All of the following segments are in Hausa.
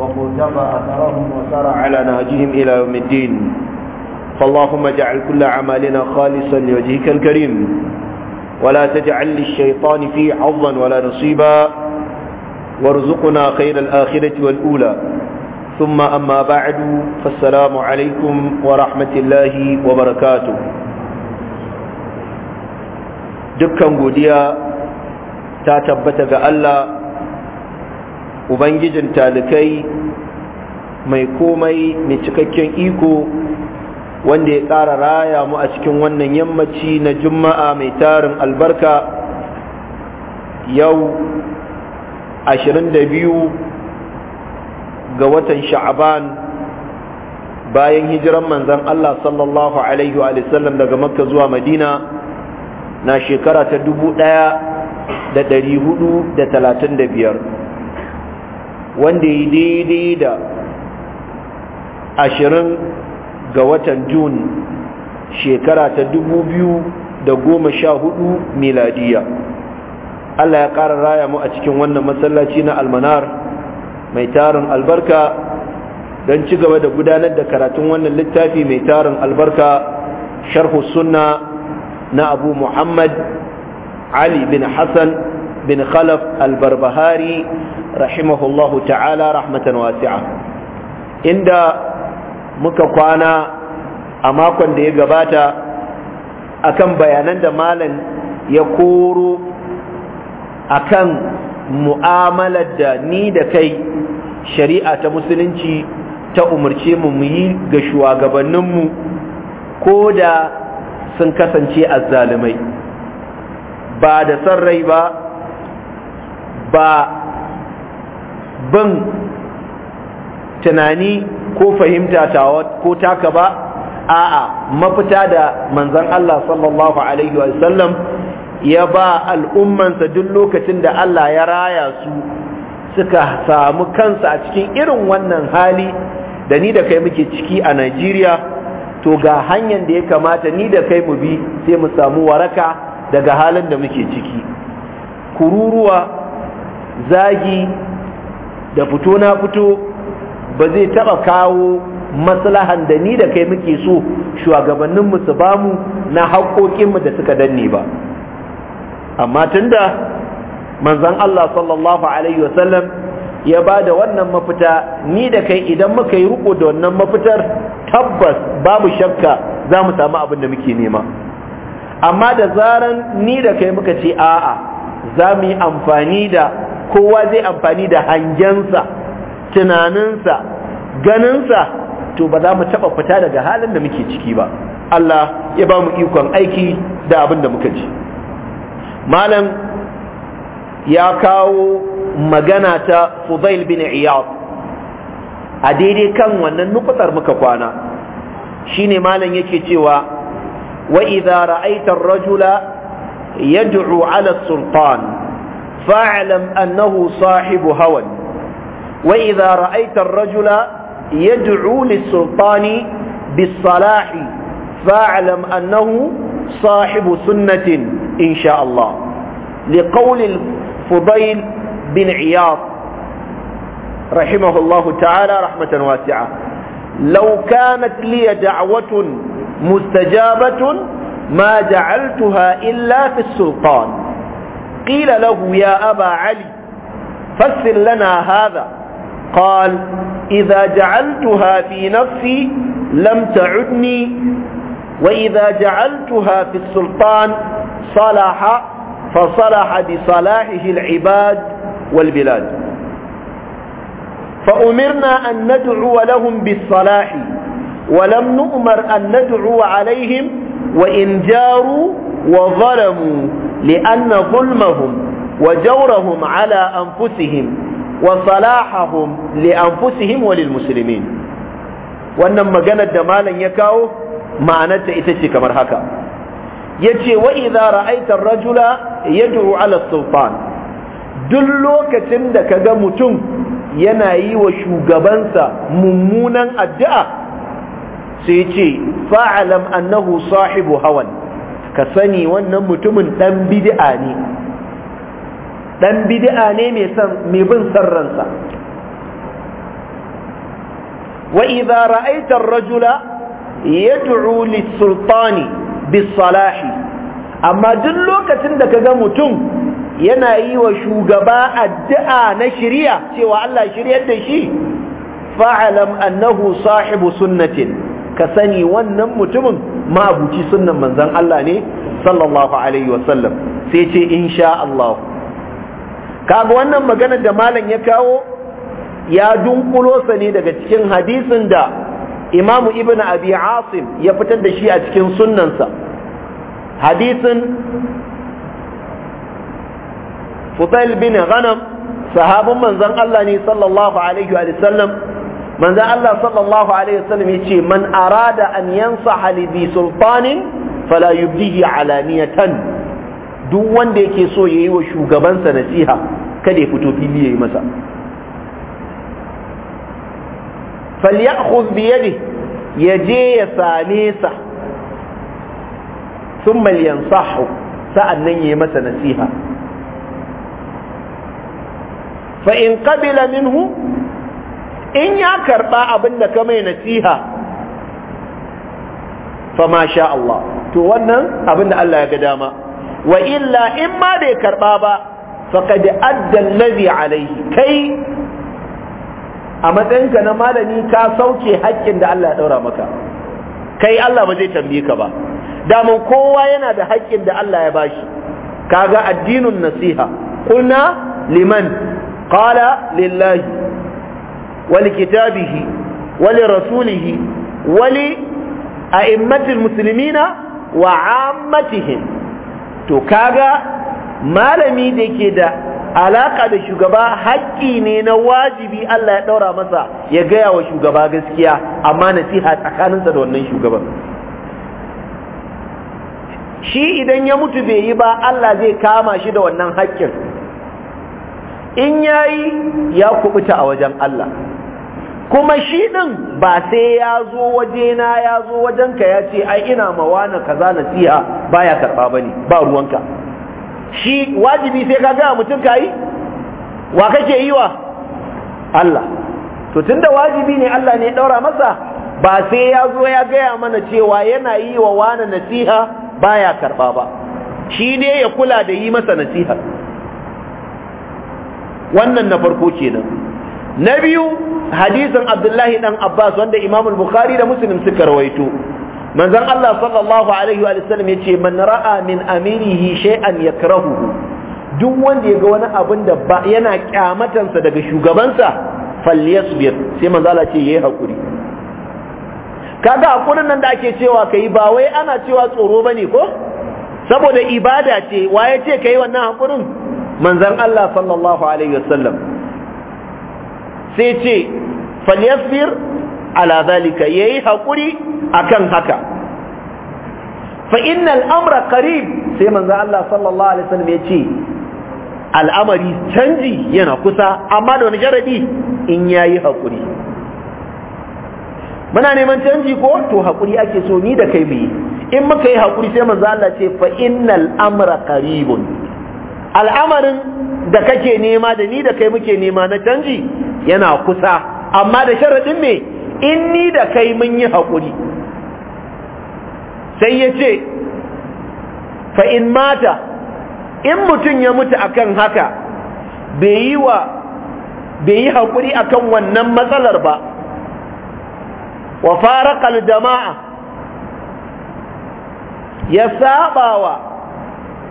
وقتفى أثرهم وسار على نهجهم إلى يوم الدين فاللهم اجعل كل عمالنا خالصا لوجهك الكريم ولا تجعل للشيطان فيه حظا ولا نصيبا وارزقنا خير الآخرة والأولى ثم أما بعد فالسلام عليكم ورحمة الله وبركاته دكا godiya ta tabbata ga Allah ubangijin talikai mai komai mai cikakken iko wanda ya ƙara raya mu a cikin wannan yammaci na juma'a mai tarin albarka yau 22 ga watan sha'aban bayan hijiran manzan Allah sallallahu alaihi wa sallam daga makka zuwa madina na shekara ta dubu ɗaya da da da ɗari talatin biyar. wanda yi daidai da ashirin ga watan jun shekara ta dubu biyu da goma sha hudu miladiya allah ya ƙara raya mu a cikin wannan masallaci na almanar mai tarin albarka don ci gaba da gudanar da karatun wannan littafi mai tarin albarka sharhu sunna na abu muhammad ali bin hassan bin khalaf albarbahari rahimahullahu ta'ala rahmatan wasi'a inda muka kwana a makon da ya gabata akan bayanan da malam ya koro akan mu'amalar da ni da kai shari'a ta musulunci ta umarce mu muyi yi ga shugabanninmu ko da sun kasance azzalumai ba da son rai ba ba bin tunani ko fahimta tawa ko taka ba a'a mafita da manzon Allah sallallahu alaihi wasallam ya ba al'ummansa duk lokacin da Allah ya raya su suka samu kansa a cikin irin wannan hali da ni da kai muke ciki a Najeriya to ga hanyar da ya kamata ni da kai mu bi sai mu samu waraka daga halin da muke ciki kururuwa zagi da fito na fito ba zai taba kawo maslahan da ni da kai muke so shugabanninmu su bamu na haƙoƙinmu da suka danne ba amma tunda manzan Allah sallallahu alaihi wasallam ya ba da wannan mafita ni da kai idan muka yi riko da wannan mafitar tabbas babu shakka za mu samu abin da muke nema amma da zaran ni da kai muka ce a'a za mu yi amfani da kowa zai amfani da hangensa tunaninsa ganinsa to ba za mu taɓa fita daga halin da muke ciki ba Allah ya ba mu ikon aiki da abin da muka ji malam ya kawo magana ta fudail bin iyad a daidai kan wannan nukutar muka kwana shine malam yake cewa wa idza ra'aita ar-rajula yad'u 'ala sultan فاعلم أنه صاحب هوى وإذا رأيت الرجل يدعو للسلطان بالصلاح فاعلم أنه صاحب سنة إن شاء الله لقول الفضيل بن عياض رحمه الله تعالى رحمة واسعة لو كانت لي دعوة مستجابة ما جعلتها إلا في السلطان فقيل له يا أبا علي فسر لنا هذا قال إذا جعلتها في نفسي لم تعدني وإذا جعلتها في السلطان صلح فصلح بصلاحه العباد والبلاد فأمرنا أن ندعو لهم بالصلاح ولم نؤمر أن ندعو عليهم وإن جاروا وظلموا لأن ظلمهم وجورهم على أنفسهم وصلاحهم لأنفسهم وللمسلمين wannan maganar da malam ya kawo ma'anarta ita ce kamar haka yace wa idza ra'aita ar-rajula yad'u 'ala as duk lokacin da ka ga mutum yana yi wa shugabansa mummunan addu'a sai yace fa'alam annahu sahibu hawan ka sani wannan mutumin ɗan bid'a ne Ɗan bid'a ne mai san mai bin sarransa wa idza ra'aita ar-rajula yad'u lis-sultani bis-salahi amma duk lokacin da kaga mutum yana yi wa shugaba addu'a na shirya cewa Allah shiryar da shi fa'alam annahu sahibu sunnatin ka sani wannan mutumin ma'abuci sunnan manzan Allah ne sallallahu alaihi wasallam sai ce insha Allah kaga wannan magana da malam ya kawo ya dunkulo sa ne daga cikin hadisin da Imam Ibn Abi Asim ya fitar da shi a cikin sunnansa hadisin Fudail bin Ghanam sahabin manzon Allah ne sallallahu alaihi wa sallam manzo Allah sallallahu alaihi wasallam yace man arada an yansaha li bi sultanin fala yubdihi alaniyatan duk wanda yake so yayi wa sa nasiha kada ya fito fili yayi masa falyakhudh bi yadihi yaje ya same sa thumma yansahu sa'annan yayi masa nasiha fa in qabila minhu in ya karɓa abin da ka mai nasiha fa ma sha Allah to wannan abin da Allah ya ga dama wa illa in ma bai karɓa ba faqad adda allazi alaihi kai a matsayinka na malami ka sauke haƙƙin da Allah ya ɗaura maka kai Allah ba zai tambaye ka ba daman kowa yana da haƙƙin da Allah ya bashi kaga addinin nasiha kulna liman qala lillahi ولكتابه ولرسوله ولأئمة المسلمين وعامتهم to kaga malami da ke da alaka da shugaba haƙƙi ne na wajibi Allah ya ɗaura masa ya gaya wa shugaba gaskiya amma nasiha tsakaninsa da wannan shugaban shi idan ya mutu bai yi ba Allah zai kama shi da wannan haƙƙin in yayi ya kubuta a wajen Allah kuma shi ɗin ba sai ya zo wajena ya zo wajenka ya ce ai ina mawana kaza nasiha baya karɓa ba ne ba ruwanka shi wajibi sai ka gaya mutum ka yi wa kake yi wa Allah to tunda wajibi ne Allah ne ɗaura masa ba sai ya zo ya gaya mana cewa yana yi wa wani nasiha baya karba ba shi ne ya kula da yi masa nasiha wannan na farko kenan na biyu hadisin abdullahi dan abbas wanda imamul bukhari da muslim suka rawaito manzon Allah sallallahu alaihi wa sallam yace man ra'a min amirihi shay'an yakrahuhu duk wanda yaga wani abin da ba yana kyamatansa daga shugabansa falyasbir sai manzo Allah ce yayi hakuri kaga hakurin nan da ake cewa kai ba wai ana cewa tsoro bane ko saboda ibada ce ya ce kai wannan hakurin manzon Allah sallallahu alaihi wa sallam sai ce falyasbir ala zalika yayi haƙuri akan haka fa innal amra qarib sai manzo Allah sallallahu alaihi wasallam ya ce al'amari canji yana kusa amma da wani jaradi in yayi haƙuri. muna neman canji ko to haƙuri ake so ni da kai mu in muka yi hakuri sai manzo Allah ce fa innal amra qaribun al'amarin da kake nema da ni da kai muke nema na canji yana kusa amma da sharaɗin me in ni da kai mun yi haƙuri sai ya ce fa in mata in mutum ya mutu akan haka bai yi wa haƙuri akan wannan matsalar ba wa farakal jama'a ya sabawa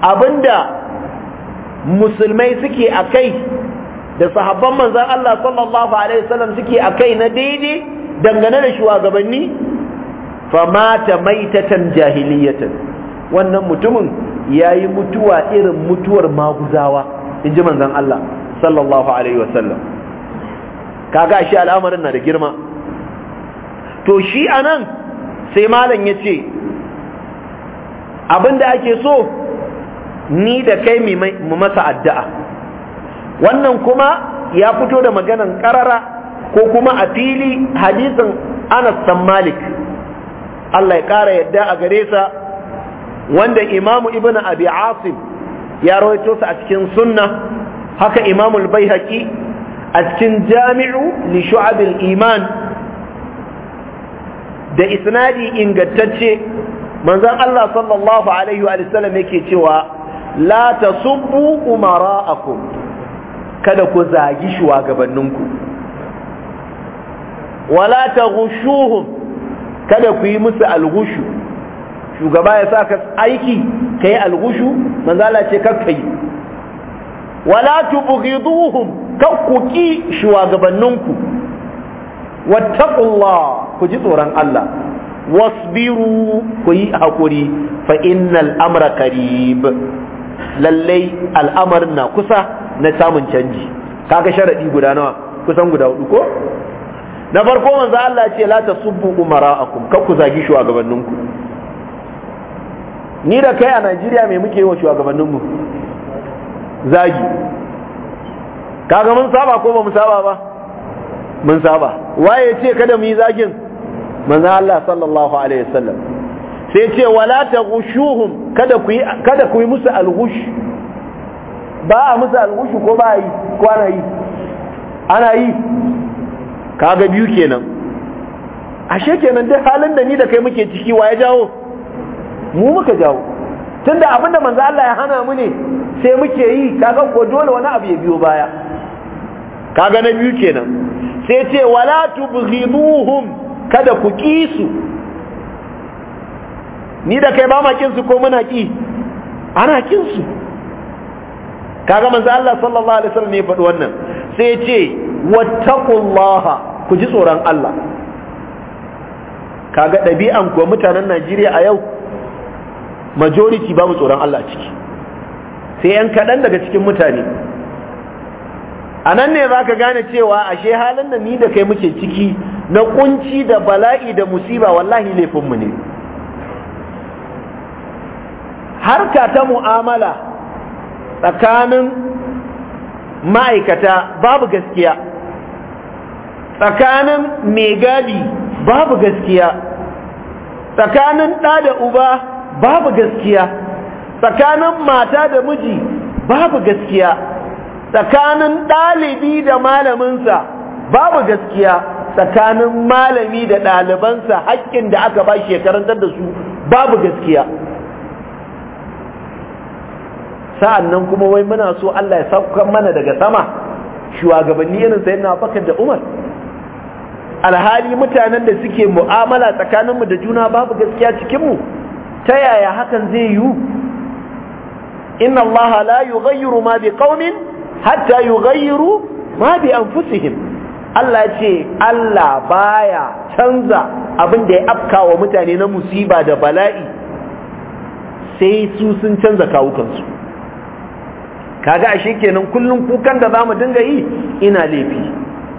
abinda musulmai suke a kai da sahabban manzan Allah sallallahu alaihi wasallam suke a kai na daidai dangane da shugabanni famata maitatan jahiliyatan wannan mutumin ya yi mutuwa irin mutuwar maguzawa inji manzan Allah sallallahu alaihi wasallam kaga shi al'amarin na da girma to shi anan sai malam ya ce. Abin da ake so ni da kai mu masa addu'a wannan kuma ya fito da maganan karara ko kuma a fili hadisin Anas san Malik Allah ya ƙara yadda a gare sa wanda imamu ibn abi asim ya rawaito sa a cikin sunna haka imamul baihaqi a cikin jami'u li shu'abil iman da isnadi ingantacce manzon Allah sallallahu alaihi wa sallam yake cewa la umara umara'akum kada ku zagi shugabanninku wala taghushuhum kada ku yi musu alghushu shugaba ya saka aiki kai alghushu manzo Allah ce kakkai wala tubghiduhum kakkuki shugabanninku wattaqullah ku ji tsoron Allah wasbiru ku yi haƙuri fa innal amra qarib lallai al'amarin na kusa na samun canji kaga sharadi guda nawa kusan guda hudu ko na farko manzo Allah ce la tasubbu umara'akum ka ku zagi ku. ni da kai a Najeriya me muke yi wa shugabanninmu zagi kaga mun saba ko ba mu saba ba mun saba waye ce kada mu yi zagin manzo Allah sallallahu alaihi wasallam sai ce wala taghushuhum kada kada ku yi musu alghush ba a musu alghush ko ba yi ko ana yi ana yi kaga biyu kenan ashe kenan duk halin da ni da kai muke ciki wa ya jawo mu muka jawo tunda abinda manzo Allah ya hana mu ne sai muke yi kaga ko dole wani abu ya biyo baya kaga na biyu kenan sai ce wala tubghiduhum kada ku kisu ni da kai ba ma su ko muna ki ana kin su kaga manzo Allah sallallahu alaihi wasallam ne faɗi wannan sai ya ce wattaqullaha ku ji tsoron Allah kaga ɗabi'an ko mutanen Najeriya a yau majority babu tsoron Allah ciki sai yan kaɗan daga cikin mutane a nan ne za ka gane cewa ashe halin da ni da kai muke ciki na kunci da bala'i da musiba wallahi laifinmu ne harka ta mu'amala tsakanin ma'aikata babu gaskiya tsakanin mai gadi babu gaskiya tsakanin ɗa da uba babu gaskiya tsakanin mata da miji babu gaskiya tsakanin ɗalibi da malaminsa babu gaskiya tsakanin malami da ɗalibansa haƙƙin da aka ba shi ya karantar da su babu gaskiya sa'an nan kuma wai muna so Allah ya saukan mana daga sama shugabanni irin sayan na bakar da umar alhali mutanen da suke mu'amala tsakaninmu da juna babu gaskiya cikinmu ta yaya hakan zai yiwu inna Allah la yughayyiru ma bi qaumin hatta yughayyiru ma bi anfusihim Allah ya ce Allah baya canza abin da ya afka wa mutane na musiba da bala'i sai su sun canza kawukansu kaga ashe kenan kullum kukan da zamu dinga yi ina laifi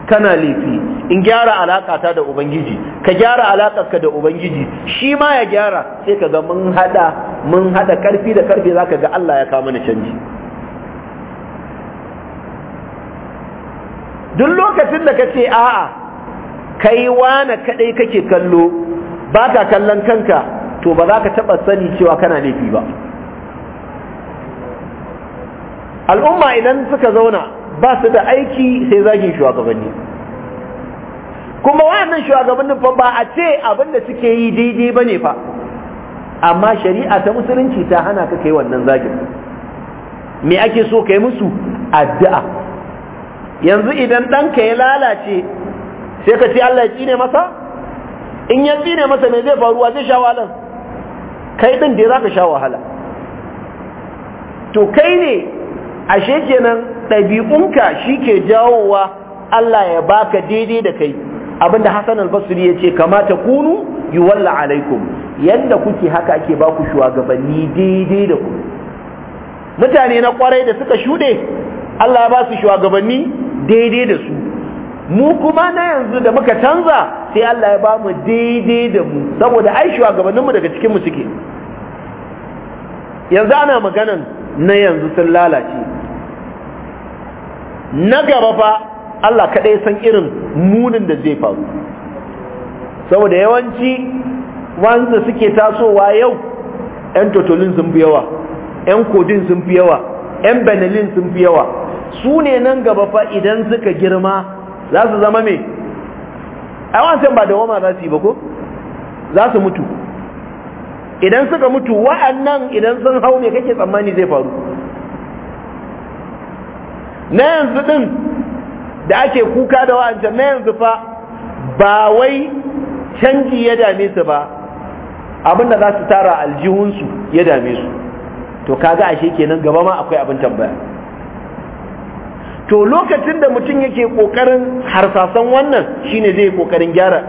kana laifi in gyara alakata da ubangiji ka gyara alakarka da ubangiji shi ma ya gyara sai kaga mun hada mun hada karfi da karfi zaka ga Allah ya kawo mana canji duk lokacin da kace a'a kai wani kadai kake kallo baka kallon kanka to ba za ka taba sani cewa kana laifi ba al'umma idan suka zauna ba su da aiki sai zagin shugabanni kuma wayannan shugabannin fa ba a ce abin da suke yi daidai bane fa amma shari'a ta musulunci ta hana ka kai wannan zagin me ake so kai musu addu'a yanzu idan ɗanka ya lalace sai ka ce Allah ya tsine masa in ya tsine masa me zai faru zai sha kai din da za ka sha wahala to kai ne ashe kenan ɗabi'unka shi ke jawowa Allah ya baka daidai da kai abinda Hassan al-Basri ya ce kamata kunu yuwalla alaikum yadda kuke haka ake baku shugabanni daidai da ku mutane na kwarai da suka shuɗe Allah ya ba su shugabanni daidai da su mu kuma na yanzu da muka canza sai Allah ya ba mu daidai da mu saboda ai mu daga cikin mu suke yanzu ana maganan na yanzu sun lalace na gaba fa Allah kaɗai san irin munin da zai faru saboda yawanci wanda suke tasowa yau 'yan totolin sun fi yawa 'yan kodin sun fi yawa 'yan benelin sun fi yawa su ne nan gaba fa idan suka girma za su zama mai a wancan ba da wama za su yi ba ko za su mutu idan suka mutu wa'annan idan sun hau ne kake tsammani zai faru na yanzu ɗin da ake kuka da wa'ancan na yanzu fa ba wai canji ya dame su ba abinda za su tara aljihunsu ya dame su to kaga ashe kenan gaba ma akwai abin tambaya to lokacin da mutum yake kokarin harsasan wannan shine zai kokarin gyara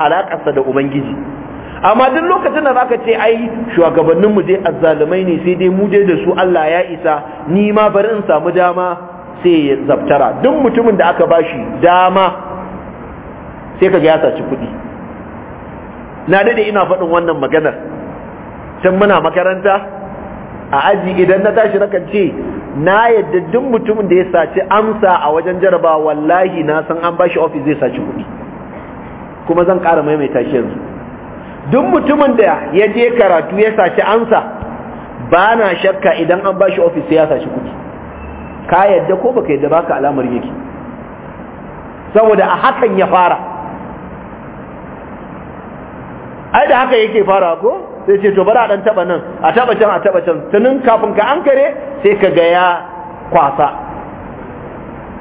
alakarsa da ubangiji amma duk lokacin da zaka ce ai shugabanninmu dai azzalumai ne sai dai mu dai da su Allah ya isa ni ma bari in samu dama sai ya zabtara duk mutumin da aka bashi dama sai ka ya saci kuɗi na dade ina faɗin wannan maganar can muna makaranta a aji idan na tashi na kan ce na yadda duk mutumin da ya saci amsa a wajen jaraba wallahi na san an bashi ofis zai saci kuɗi kuma zan ƙara maimaita shi yanzu duk mutumin da ya je karatu ya saci amsa ba na shakka idan an bashi ofis sai ya saci kuɗi ka yadda ko baka yadda baka alamar yake saboda a hakan ya fara ai da haka yake fara ko sai ce to bari a dan taba nan a taba can a taba can tunin kafin ka ankare sai ka ga ya kwasa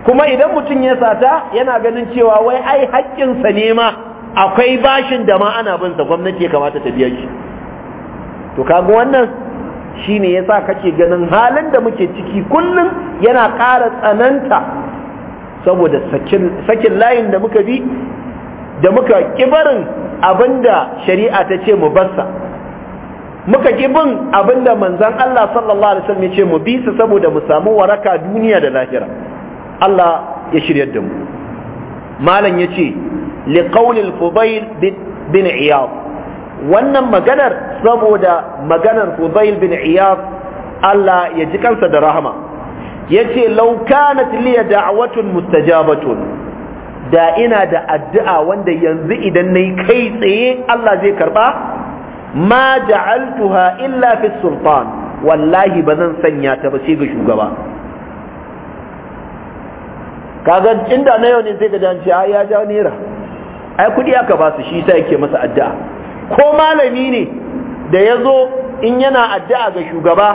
kuma idan mutum ya sata yana ganin cewa wai ai haƙƙinsa ne ma akwai bashin da ma ana bin sa gwamnati ya kamata ta biya shi to kaga wannan Shi ya yasa kake ganin halin da muke ciki kullum yana ƙara tsananta saboda sakin layin da muka bi da muka kibarin abinda shari'a ta ce mu bassa muka kibin abinda manzan Allah sallallahu alaihi wasallam ya ce mu bi su saboda mu samu waraka duniya da lahira Allah ya shiryar da mu malam yace ce qawli al bin iyad wannan maganar saboda maganar Fudail bin Iyad Allah ya ji kansa da rahama yace law kanat li da'watun mustajabatun da ina da addu'a wanda yanzu idan nayi kai tsaye Allah zai karba ma ja'altuha illa fi sultan wallahi bazan sanya ta ba sai ga shugaba kaga inda na yau ne sai ka ji ai ya ja naira ai kudi aka ba su shi sai yake masa addu'a ko malami ne da ya zo in yana addu'a ga shugaba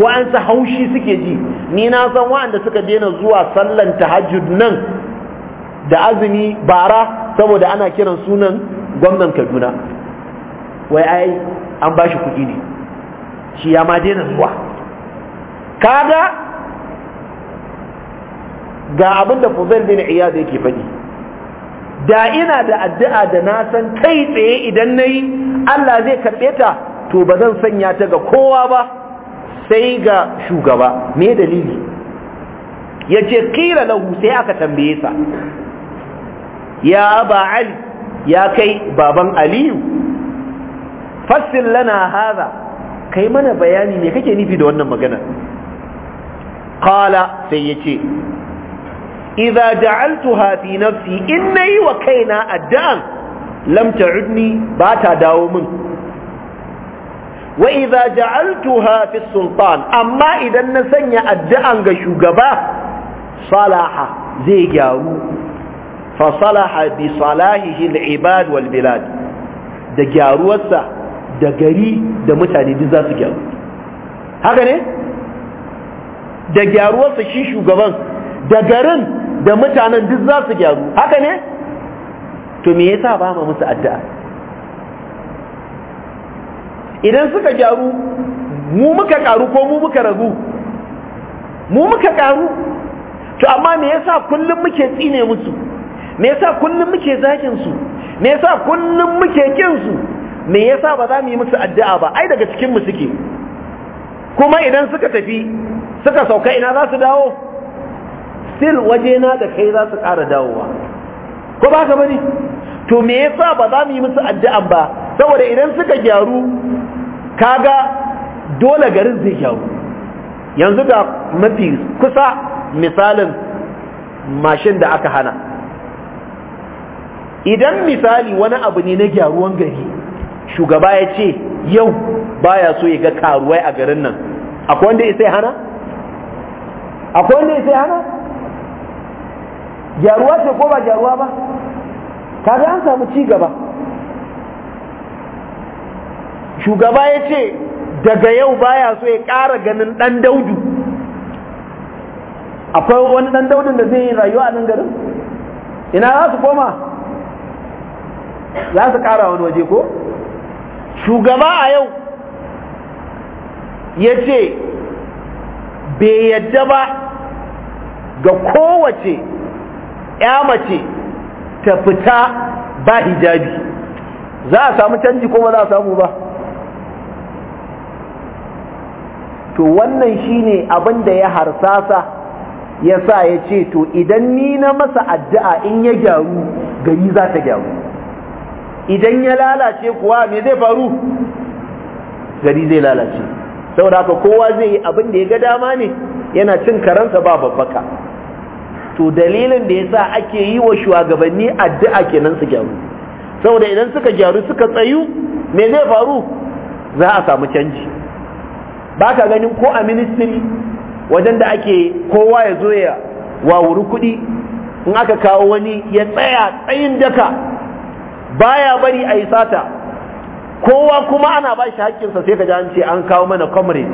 wa'ansa haushi suke ji ni na san wa'anda suka dena zuwa sallan tahajjud nan da azumi bara saboda ana kiran sunan gwamnan kaduna wai ai an ba shi kuɗi ne shi ya ma dena zuwa kaga ga abin da bin iyad yake faɗi da ina da addu'a da na san kai tsaye idan na yi Allah zai karɓe ta to ba zan sanya ta ga kowa ba sai ga shugaba me dalili ya ce kira lahu sai aka tambaye sa ya ba ali ya kai baban aliyu fassir lana haza kai mana bayani me kake nufi da wannan magana kala sai ya ce idza ja'altuha fi nafsi in nayi wa kaina addan lam ta'udni ba ta dawo min wa idza ja'altuha fi sultan amma idan na sanya addu'an ga shugaba salaha zai gyaru fa salaha bi salahihi al-ibad wal bilad da gyaruwarsa da gari da mutane duk za su gyaru haka ne da gyaruwarsa shi shugaban da garin da mutanen duk za su gyaru haka ne to me yasa ba mu musu addu'a idan suka gyaru mu muka karu ko mu muka ragu mu muka karu to amma me yasa kullum muke tsine musu me yasa kullum muke zakin su me yasa kullum muke kin su me yasa ba za mu yi musu addu'a ba ai daga cikin mu suke kuma idan suka tafi suka sauka ina za su dawo still waje na da kai za su ƙara dawowa ko ba ka bari to me yasa ba za mu yi musu addu'an ba saboda idan suka gyaru kaga dole garin zai kyau yanzu ga mafi kusa misalin mashin da aka hana idan misali wani abu ne na gyaruwan gari shugaba ya ce yau baya so ya ga karuwai a garin nan akwai wanda ya sai hana akwai wanda ya sai hana gyaruwa ce ko ba gyaruwa ba kada an samu ci gaba shugaba ya ce daga yau baya so ya ƙara ganin ɗan daudu akwai wani ɗan daudin da zai yi rayuwa nan garin ina za su koma za su ƙara wani waje ko shugaba a yau ya ce bai yadda ba ga kowace ya mace ta fita ba hijabi za a samu canji ko ba za a samu ba to wannan shine abin da ya harsasa ya sa ya ce to idan ni na masa addu'a in ya gyaru gari za ta gyaru idan ya lalace kuwa me zai faru gari zai lalace saboda haka kowa zai yi abin da ya ga dama ne yana cin karansa ba babbaka to dalilin da yasa ake yi wa shugabanni addu'a kenan su gyaru saboda idan suka gyaru suka tsayu me zai faru za a samu canji ba ka ganin ko a ministry wajen da ake kowa ya zo ya wawuri kuɗi in aka kawo wani ya tsaya tsayin daka baya bari a yi sata kowa kuma ana ba shi haƙƙinsa sai ka ji an ce an kawo mana comrade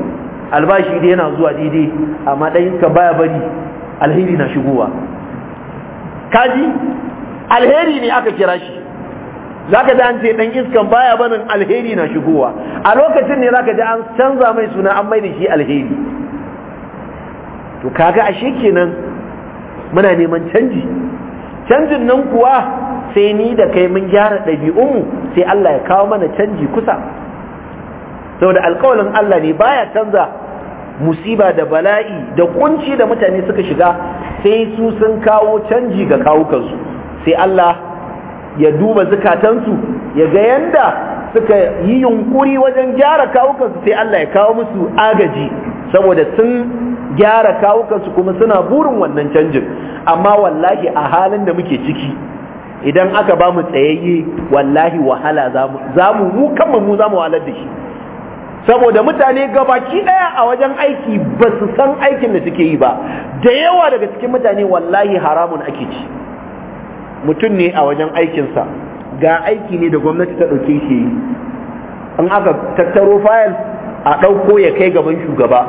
albashi dai yana zuwa daidai amma ɗayinka baya bari alheri na shigowa kaji alheri ne aka kira shi zaka ji an ce dan iskan baya barin alheri na shigowa a lokacin ne zaka ji an canza mai suna an mai da shi alheri to kaga ashe kenan muna neman canji canjin nan kuwa sai ni da kai mun gyara ɗabi'unmu sai Allah ya kawo mana canji kusa saboda alƙawalin Allah ne baya canza musiba da bala'i da kunci da mutane suka shiga sai su sun kawo canji ga kawukansu sai Allah ya duba zukatansu ya ga yanda suka yi yunkuri wajen gyara kawukansu sai Allah ya kawo musu agaji saboda sun gyara kawukansu kuma suna burin wannan canjin amma wallahi a halin da muke ciki idan aka ba mu tsayayye wallahi wahala za mu mu kanmu mu za mu wahalar da shi saboda mutane gabaki daya a wajen aiki ba su san aikin da suke yi ba da yawa daga cikin mutane wallahi haramun ake ci mutum ne a wajen aikinsa ga aiki ne da gwamnati ta ɗauke shi yi an aka tattaro fayil a ɗauko ya kai gaban shugaba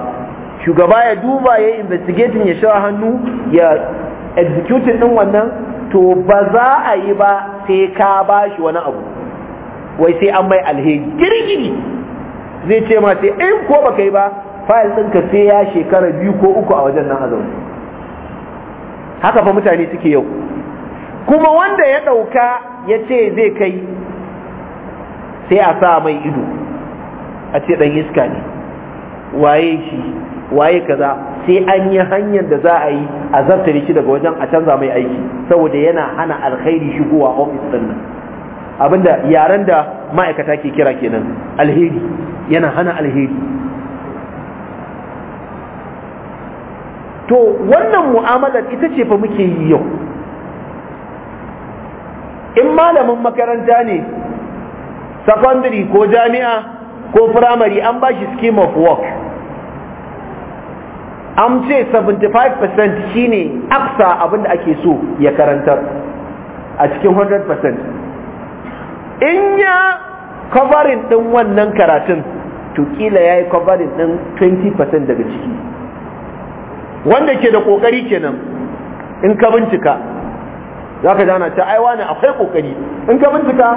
shugaba ya duba ya investigating ya sha hannu ya executing ɗin wannan to ba za a yi ba sai ka ba shi wani abu wai sai an mai alheri girgiri zai ce ma sai in ko ba kai ba fayil ɗinka sai ya shekara biyu ko uku a wajen nan a zaune haka fa mutane suke yau kuma wanda ya ɗauka ya ce zai kai sai a sa mai ido a ce ɗan iska ne waye shi waye kaza sai an yi hanyar da za a yi a zartare shi daga wajen a canza mai aiki saboda yana hana alkhairi shigowa ofis ɗin nan abinda yaren da ma'aikata ke kira kenan alheri yana hana alheri to wannan mu'amalar ita ce fa muke yi yau in malamin makaranta ne secondary ko jami'a ko primary an ba shi scheme of work an ce 75% shi ne aksa abinda ake so ya karantar a cikin 100% in ya covering ɗin wannan karatun to kila ya yi covering din 20% daga ciki wanda ke da ƙoƙari kenan in ka bincika za ka dana ta aiwa ne akwai kokari in ka bincika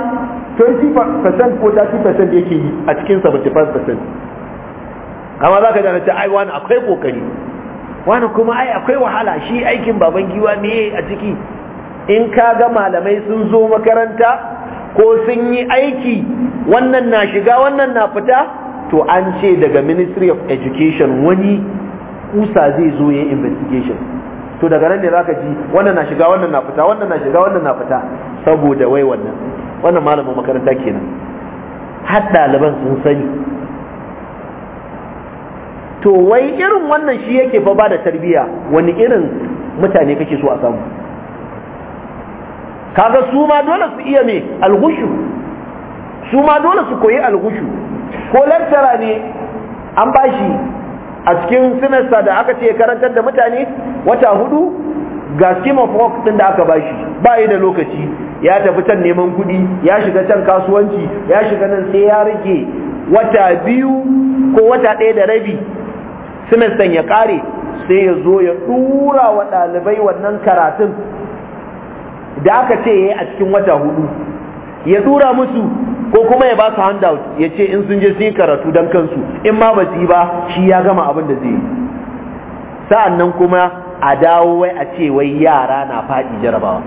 20% ko 30% yake yi a cikin 75% amma za ka dana ta aiwa ne akwai kokari wani kuma ai akwai wahala shi aikin baban giwa me a ciki in ka ga malamai sun zo makaranta ko sun yi aiki wannan na shiga wannan na fita to an ce daga ministry of education wani kusa zai zo ya investigation to daga nan ne za ka ji wannan na shiga wannan na fita wannan na shiga wannan na fita saboda wai wannan wannan malamin makaranta kenan har ɗaliban sun sani to wai irin wannan shi yake fa ba da tarbiya wani irin mutane kake so a samu kaga su ma dole su iya me alhushu su ma dole su koyi alhushu ko lantara ne an bashi a cikin semester da aka ce karantar da mutane wata hudu ga scheme of din da aka bashi ba yi da lokaci ya tafi can neman kuɗi ya shiga can kasuwanci ya shiga nan sai ya rike wata biyu ko wata ɗaya da rabi semester ya ƙare sai ya zo ya ɗura wa ɗalibai wannan karatun da aka ce ya yi a cikin wata hudu ya ɗura musu ko kuma ya ba su handout ya ce in sun je sun yi karatu don kansu in ma ba su yi ba shi ya gama abin da zai yi sa'an nan kuma a dawo wai a ce wai yara na faɗi jarabawa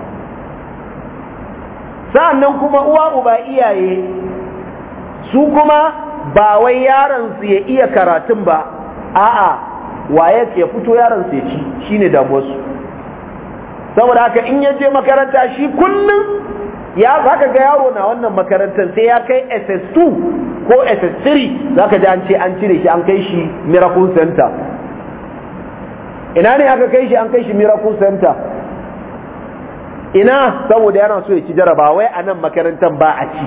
sa'an nan kuma uwa uba iyaye su kuma ba wai yaransu ya iya karatun ba a'a waye ke fito yaransu ya ci shine damuwarsu saboda haka in ya je makaranta shi kullum ya ka ga yaro na wannan makarantar sai ya kai SS2 ko SS3 ka ji an ce an cire shi an kai shi Miracle Center ina ne aka kai shi an kai shi Miracle Center ina saboda yana so ya ci jaraba wai a nan makarantar ba a ci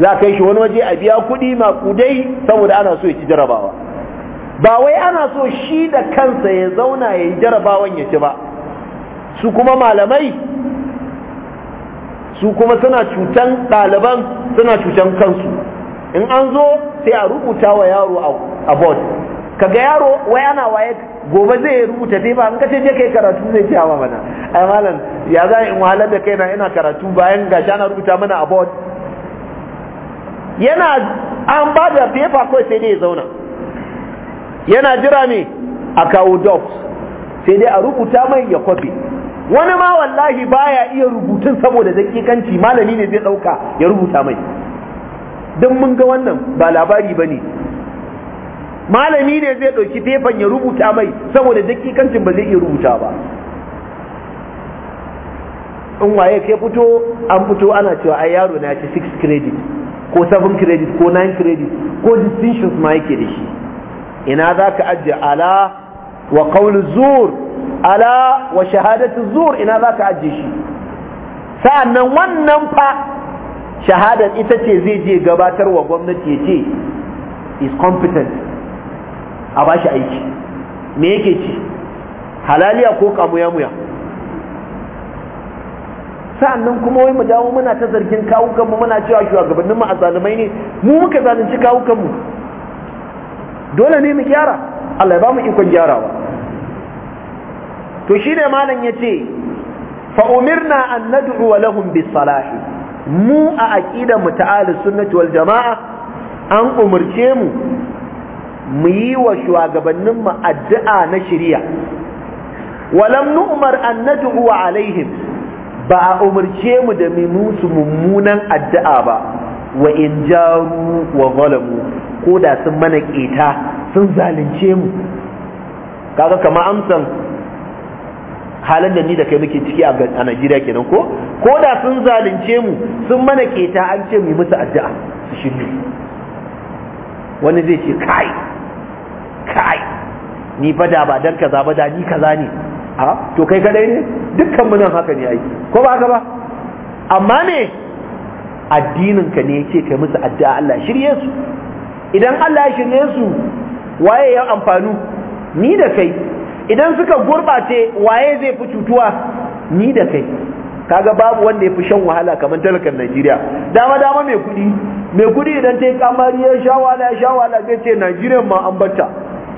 za a kai shi wani waje a biya kuɗi maƙudai saboda ana so ya ci jarabawa ba wai ana so shi da kansa ya zauna ya yi jarabawan ya ci ba su kuma malamai su kuma suna cutan ɗaliban suna cutan kansu in an zo sai a rubuta wa yaro a board kaga yaro wai ana waye gobe zai rubuta dai ba in ka je kai karatu zai ce hawa mana ai malam ya za in wahalar da kaina ina karatu bayan gashi ana rubuta mana a board yana an ba da paper kawai sai dai ya zauna yana jira me a kawo dog sai dai a rubuta mai ya kwafi wani ma wallahi baya iya rubutun saboda dakikanci malami ne zai ɗauka ya rubuta mai don mun ga wannan ba labari ba ne malami ne zai ɗauki fefan ya rubuta mai saboda dakikancin ba zai iya rubuta ba in waye kai fito an fito ana cewa ai yaro na ci 6 credit ko 7 credit ko 9 credit ko distinctions ma yake da shi ina za ka ajiye ala wa qawl zuur ala wa shahadatu zuur ina za ka ajiye shi sa'annan wannan fa shahadar ita ce zai je gabatar wa gwamnati ya ce is competent a ba shi aiki me yake ci halaliya ko kamuya-muya sa'annan kuma wai mu dawo muna ta zargin kawukanmu muna cewa shugabanninmu a zalumai ne mu muka zalunci kawukanmu dole ne mu gyara Allah ya ba mu ikon gyarawa to shine malam yace fa umirna an nad'u lahum bis mu a aqida mu ta'alis sunnati wal jamaa an umurce mu mu yi wa shugabannin mu addu'a na shari'a walam nu'mar an nad'u alaihim ba a umurce mu da mu musu mummunan addu'a ba wa in jaru wa zalamu ko da sun mana ƙeta sun zalunce mu kaga kama amsan halin da ni da kai muke ciki a Najeriya kenan ko ko da sun zalunce mu sun mana ƙeta an ce mu yi musu addu'a su shirye wani zai ce kai kai ni fa da ba dan kaza ba da ni kaza ne a to kai kadai ne dukkan mu nan haka ne ai ko ba haka ba amma ne addinin ka ne yake kai musu addu'a Allah shirye su idan Allah ya shirye su waye ya amfanu ni da kai idan suka gurbace waye zai fi cutuwa ni da kai kaga babu wanda ya fi shan wahala kamar talakan Najeriya dama dama mai kuɗi mai kuɗi idan ta yi kamar ya sha wahala ya sha wahala zai ce Najeriya ma an bata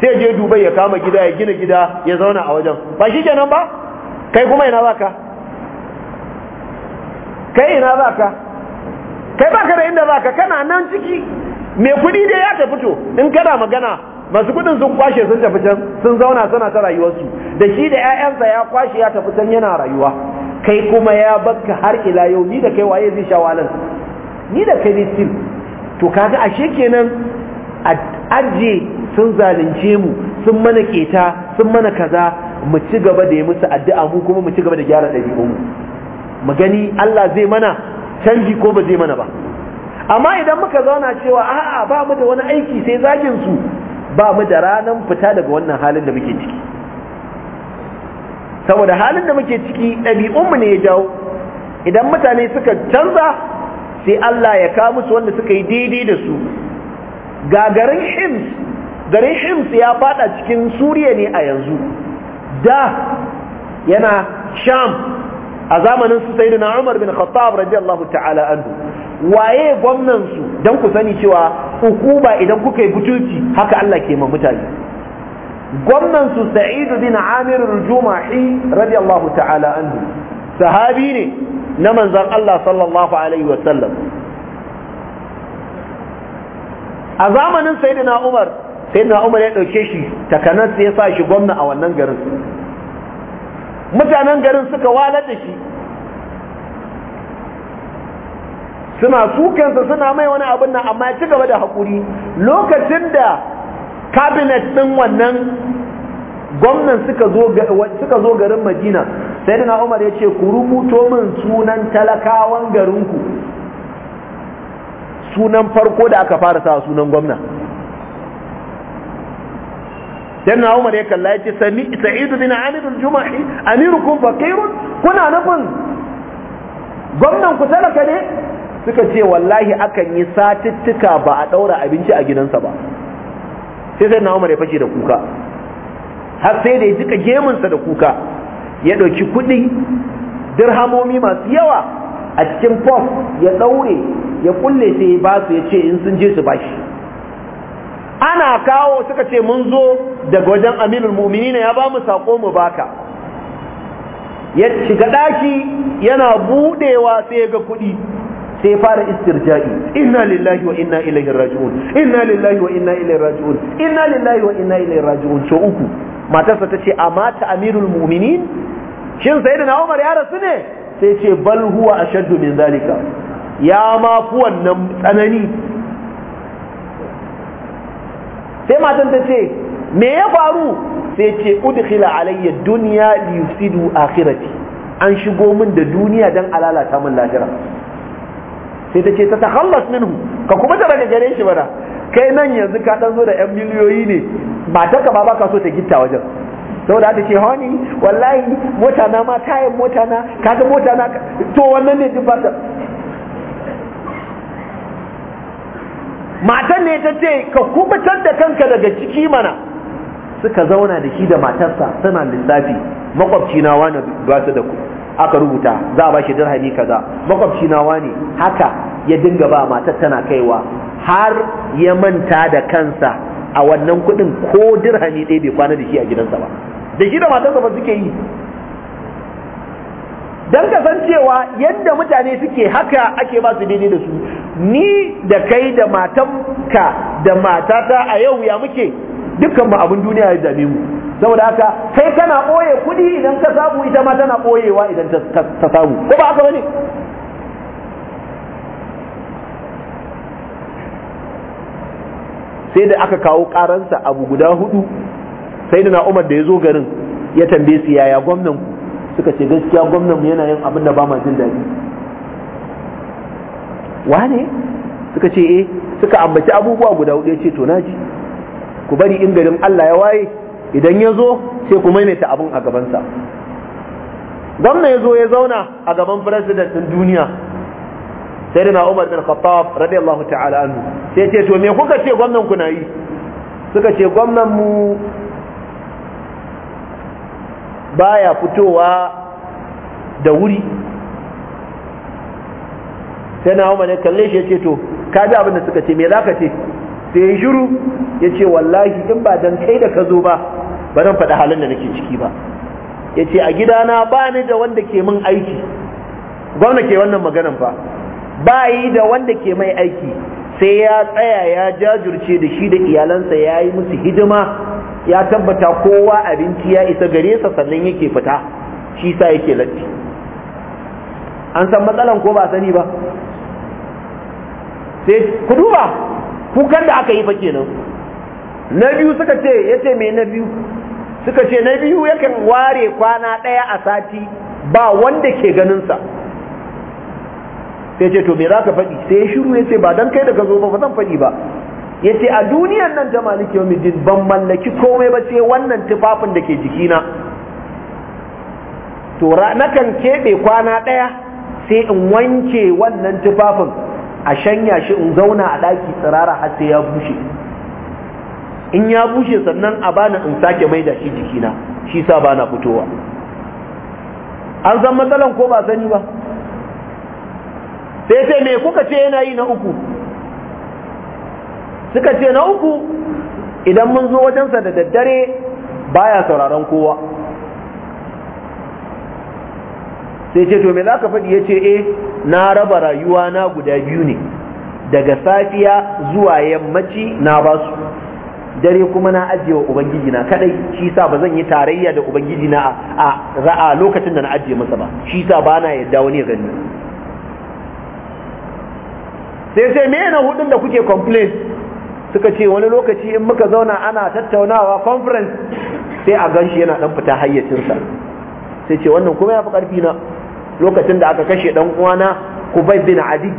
sai je Dubai ya kama gida ya gina gida ya zauna a wajen ba shi kenan ba kai kuma ina baka kai ina baka kai baka da inda baka kana nan ciki me kuɗi dai ya tafi to in kana magana masu kuɗin sun kwashe sun tafi can sun zauna suna ta rayuwarsu da shi da 'ya'yansa ya kwashe ya tafi can yana rayuwa kai kuma ya bakka har ila yau ni da kai waye zai sha walan ni da kai ne tin, to kaga ashe kenan aje sun zalunce mu sun mana keta sun mana kaza mu ci gaba da yi musu addu'a mu kuma mu ci gaba da gyara ɗabi'unmu mu gani Allah zai mana canji ko ba zai mana ba amma idan muka zauna cewa a'a ba mu da wani aiki sai zagin su ba mu da ranan fita daga wannan halin da muke ciki saboda halin da muke ciki ɗabi'unmu ne ya jawo idan mutane suka canza sai Allah ya kawo musu wanda suka yi daidai da su ga garin Hims garin Hims ya fada cikin Suriya ne a yanzu da yana Sham a zamanin su na Umar bin Khattab radiyallahu ta'ala anhu waye gwamnan su dan ku sani cewa hukuma idan kuka yi butulci haka Allah ke ma mutane gwamnan su bin Amir al-Jumahi radiyallahu ta'ala anhu sahabi ne na manzon Allah sallallahu alaihi wa sallam a zamanin sayyidina Umar sayyidina Umar ya dauke shi takanas ya sa shi gwamna a wannan garin mutanen garin suka walar da shi suna sukansa suna mai wani abin nan amma ci gaba da haƙuri lokacin da cabinet ɗin wannan gwamnan suka zo garin madina sai da umar ya ce ku rubuto min sunan talakawan garinku sunan farko da aka fara sa sunan gwamna dan na umar ya kalla ya ce sa'idu bin amir al-jumahi amirukum fakirun kuna nufin gwamnan ku talaka ne suka ce wallahi akan yi satuttuka ba a ɗaura abinci a gidansa ba sai sai na umar ya fashe da kuka har sai da ya jika gemunsa da kuka ya ɗauki kuɗi dirhamomi masu yawa a cikin pof ya ɗaure ya kulle sai ya basu ya ce in sun je su bashi ana kawo suka ce mun zo daga wajen aminul muminina ya ba mu sako mu baka ya shiga ɗaki yana buɗewa sai ya ga kuɗi sai fara istirja'i inna lillahi wa inna ilaihi raji'un inna lillahi wa inna ilaihi raji'un inna lillahi wa inna ilaihi raji'un ce uku matarsa ta ce amata amirul mu'minin shin sayyidina Umar ya rasu ne sai ce bal huwa ashaddu min zalika ya ma fi wannan tsanani sai matan ta ce me ya faru sai ce udkhila alayya dunya li yufsidu akhirati an shigo min da duniya dan alalata min lahira sai ta ce ta takhallas minhu ka kuma ta daga gare shi bana kai nan yanzu ka ɗan zo da yan miliyoyi ne ka ba ka so ta gitta wajen saboda ta ce honey wallahi mota na ma tayin mota na ga mota na to wannan ne duk ba matan ne ta ce ka kubutar da kanka daga ciki mana suka zauna da shi da matarsa suna lissafi makwabci na wani ba su da ku? aka rubuta za a ba shi dirhami kaza makwabci na wani haka ya dinga ba matar tana kaiwa har ya manta da kansa a wannan kuɗin ko dirhami ɗaya bai kwana da shi a gidansa ba da shi da matarsa ba suke yi don kasancewa yadda mutane suke haka ake ba su daidai da su ni da kai da matanka da matata a yau ya muke dukkan mu abin duniya ya dame mu saboda haka kai kana ɓoye kuɗi idan ka samu ita ma tana ɓoyewa idan ta samu ko ba haka bane sai da aka kawo ƙaransa abu guda hudu sai da na umar da ya zo garin ya tambaye su yaya gwamnan suka ce gaskiya gwamnan mu yana yin abin da ba ma jin daɗi wane suka ce eh suka ambaci abubuwa guda hudu ya ce to naji ku bari in garin Allah ya waye idan ya zo sai ku maimaita abin a gabansa gwamna ya zo ya zauna a gaban firasidant duniya sai na umar bin khattab radiyallahu ta'ala anhu sai ce to me kuka ce gwamnan ku na yi suka ce gwamnan mu baya fitowa da wuri sai na umar ya kalle shi ya ce to ka ji abin da suka ce me za ka ce sai shiru ya ce wallahi in ba dan kai da ka zo ba ba zan faɗi halin da nake ciki ba ya ce a gidana ba ni da wanda ke min aiki gwamna ke wannan maganan fa ba yi da wanda ke mai aiki sai ya tsaya ya jajirce da shi da iyalansa ya yi musu hidima ya tabbata kowa abinci ya isa gare sa sannan yake fita shi sa yake latti an san matsalan ko ba sani ba sai ku duba kukan da aka yi fa kenan na biyu suka ce ya ce me na biyu suka ce na biyu yakan ware kwana ɗaya a sati ba wanda ke ganinsa sai ce to me za ka faɗi sai ya shiru ya ce ba don kai da ka zo ba zan faɗi ba ya ce a duniyan nan ta maliki yau ban mallaki komai ba sai wannan tufafin da ke jikina to nakan keɓe kwana ɗaya sai in wanke wannan tufafin a shanya shi in zauna a ɗaki tsirara har sai ya bushe in ya bushe sannan a bani in sake mai da shi jikina shi sa bana fitowa an san matsalan ko ba sani ba sai sai me kuka ce yana yi na uku suka ce na uku idan mun zo wajensa da daddare baya sauraron kowa sai ce to me za ka faɗi ya ce eh na raba rayuwa na guda biyu ne daga safiya zuwa yammaci na basu dare kuma na ajiye ubangiji na kadai shi sa ba yi tarayya da ubangiji na a ra'a lokacin da na ajiye masa ba shi sa ba na yadda wani ya gani sai sai me na hudun da kuke complain suka ce wani lokaci in muka zauna ana tattaunawa conference sai a ganshi yana dan fita hayyacinsa sai ce wannan kuma ya fi karfi na lokacin da aka kashe dan uwana Kubay bin Adi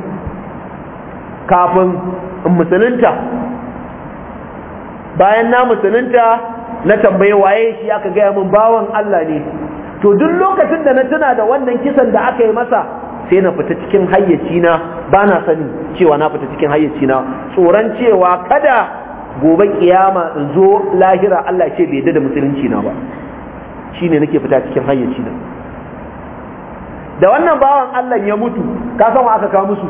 kafin in musulunta bayan na musulunta na tambaye waye shi aka gaya min bawan Allah ne to duk lokacin da na tuna da wannan kisan da aka yi masa sai na fita cikin hayyacina ba na sani cewa na fita cikin hayyacina tsoron cewa kada gobe kiyama in zo lahira Allah ce bai da musulunci na ba shine nake fita cikin hayyacina da wannan bawan Allah ya mutu ka san aka kawo musu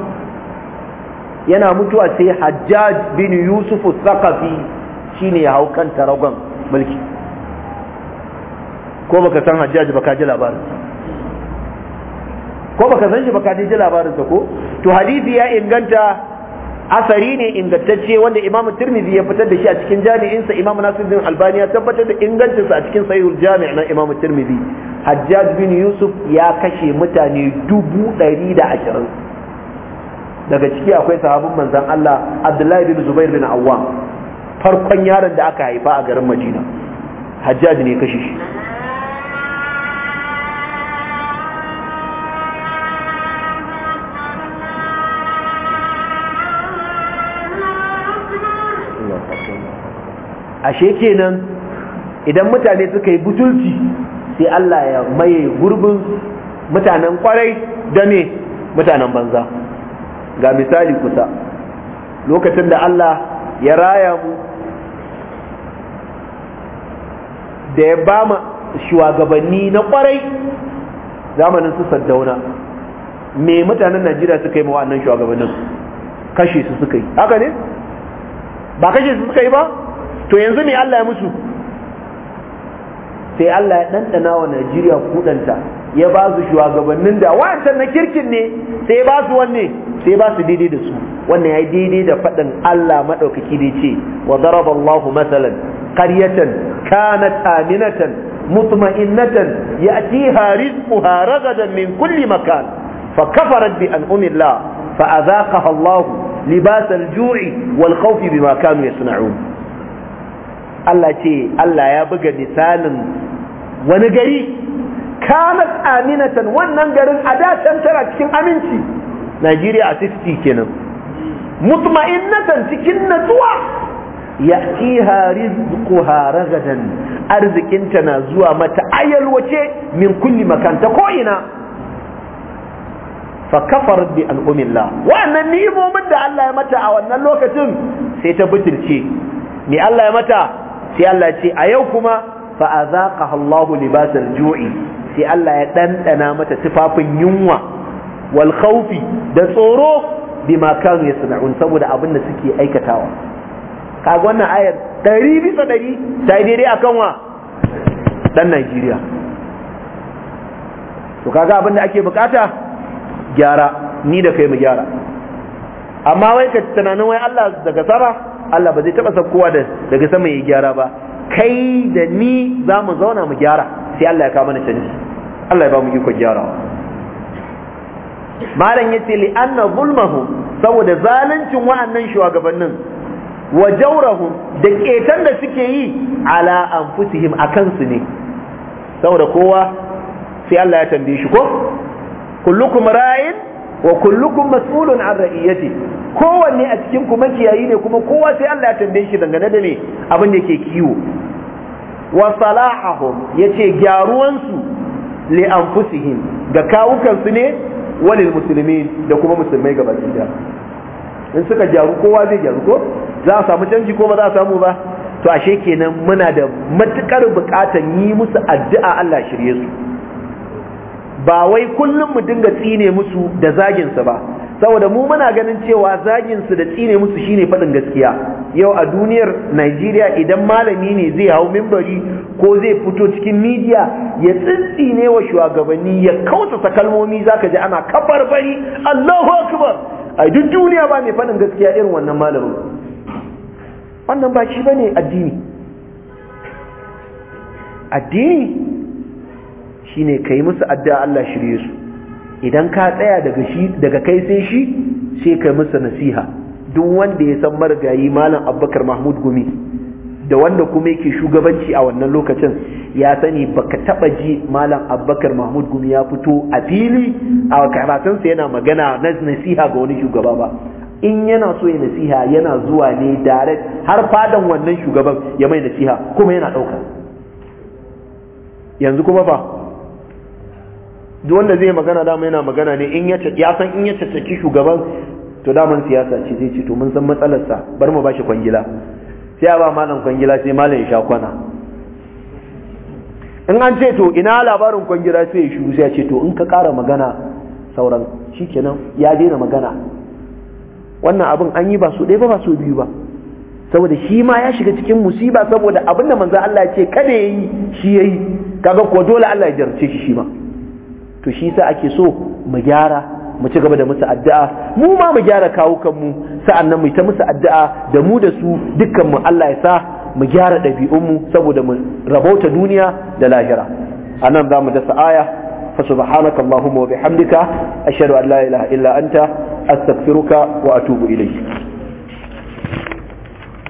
yana mutuwa sai Hajjaj bin Yusuf al-Thaqafi ne ya hau kan taragon mulki ko baka san hajjaji baka ji labarin ko baka san shi baka ji labarin ko to hadisi ya inganta asari ne ingantacce wanda imamu tirmidhi ya fitar da shi a cikin jami'in sa imamu nasiruddin albani ya tabbatar da ingancinsa a cikin sahihul jami' na imamu tirmidhi hajjaj bin yusuf ya kashe mutane dubu ɗari da ashirin daga ciki akwai sahabin manzan Allah Abdullahi bin Zubair bin Awwam farkon yaron da aka haifa a garin madina hajjaji ne kashe shi ashe kenan idan mutane suka yi butulci sai Allah ya maye gurbin mutanen kwarai da me mutanen banza ga misali kusa lokacin da Allah ya raya mu da ya ba ma shugabanni na kwarai zamanin su saddauna me mutanen najeriya suka yi ma wa'annan shugabannin kashe su suka yi haka ne ba kashe su suka yi ba to yanzu me allah ya musu sai allah ya ɗanɗana wa najeriya kudanta ya ba su shugabannin da wa'ancan na kirkin ne sai ba su wanne sai ba su daidai da su wannan ya daidai da faɗin allah maɗaukaki da ce wa daraba allahu masalan qaryatan kanat aminatan mutma'innatan ya'tiha rizquha da min kulli makan fakafarat bi an'ami Allah fa'adhaqaha Allah libas al-ju'i wal khawf bima kanu yasna'un Allah ce Allah ya buga misalin wani gari kanat aminatan wannan garin a da can tara cikin aminci Najeriya a 60 kenan mutma'innatan cikin natsuwa ya'tiha rizquha ragadan arzikinta na zuwa mata ayalwace min kulli makan ta ko'ina fa kafarat bi al'umillah wa'annan ni'imomin da Allah ya mata a wannan lokacin sai ta butulce mai Allah ya mata sai Allah ya ce a yau kuma fa azaqaha Allah libasal ju'i sai Allah ya dandana mata tufafin yunwa wal khawfi da tsoro bima kanu sana'un saboda abin da suke aikatawa kaga wannan ayar ɗari bisa ɗari ta yi daidai a wa ɗan Najeriya to kaga abin da ake bukata gyara ni da kai mu gyara amma wai ka tunanin wai Allah daga sama Allah ba zai taba saukowa da daga sama ya gyara ba kai da ni za mu zauna mu gyara sai Allah ya kawo mana canji Allah ya ba mu iko gyarawa malam yace li anna zulmahum saboda zaluncin wa'annan shugabannin wa jaurahum da ƙetan da suke yi ala anfusihim a kansu ne saboda kowa sai Allah ya tambaye shi ko kullukum ra'in wa kullukum mas'ulun an ra'iyati kowanne a cikin ku makiyayi ne kuma kowa sai Allah ya tambaye shi dangane da me abin da yake kiwo wa salahahum yace su li anfusihim ga kawukansu ne walil muslimin da kuma musulmai gaba ɗaya in suka gyaru kowa zai gyaru ko za a samu canji ko ba za a samu ba to ashe kenan muna da matukar bukatan yi musu addu'a Allah shirye su ba wai kullum mu dinga tsine musu da zagin su ba saboda mu muna ganin cewa zagin su da tsine musu shine faɗin gaskiya yau a duniyar Najeriya idan malami ne zai hau mimbari ko zai fito cikin media ya tsintsine wa shugabanni ya kautata kalmomi zaka ji ana kabar bari Allahu akbar ai duk duniya ba mai faɗin gaskiya irin wannan malamin wannan ba shi bane addini addini shine kai musu addu'a Allah shirye su idan ka tsaya daga shi daga kai sai shi sai kai masa nasiha duk wanda ya san marigayi malam abubakar mahmud gumi da wanda kuma yake shugabanci a wannan lokacin ya sani baka taba ji malam abubakar mahmud gumi ya fito a fili a karatunsa yana magana na nasiha ga wani shugaba ba in yana so ya nasiha yana zuwa ne direct har fadan wannan shugaban ya mai nasiha kuma yana ɗauka yanzu kuma fa duk wanda zai magana dama yana magana ne in ya san in ya tattaki shugaban to daman siyasa ce zai ce to mun san matsalarsa bar mu bashi kwangila sai a ba malam kwangila sai malam ya sha kwana in an ce to ina labarin kwangila sai ya shiru sai ya ce to in ka kara magana sauran shikenan ya daina magana wannan abin an yi ba so ɗaya ba ba so biyu ba saboda shi ma ya shiga cikin musiba saboda abin da manzo Allah ya ce kada yayi shi yayi kaga ko dole Allah ya jarce shi shi ma to shi sa ake so mu gyara mu ci gaba da musu addu'a mu ma mu gyara kawo kanmu sa'annan mu ta musu addu'a da mu da su dukkan mu Allah ya sa mu gyara ɗabi'unmu saboda mu rabauta duniya da lahira anan za mu dasa aya fa subhanaka allahumma wa bihamdika ashhadu an la ilaha illa anta astaghfiruka wa atubu ilayk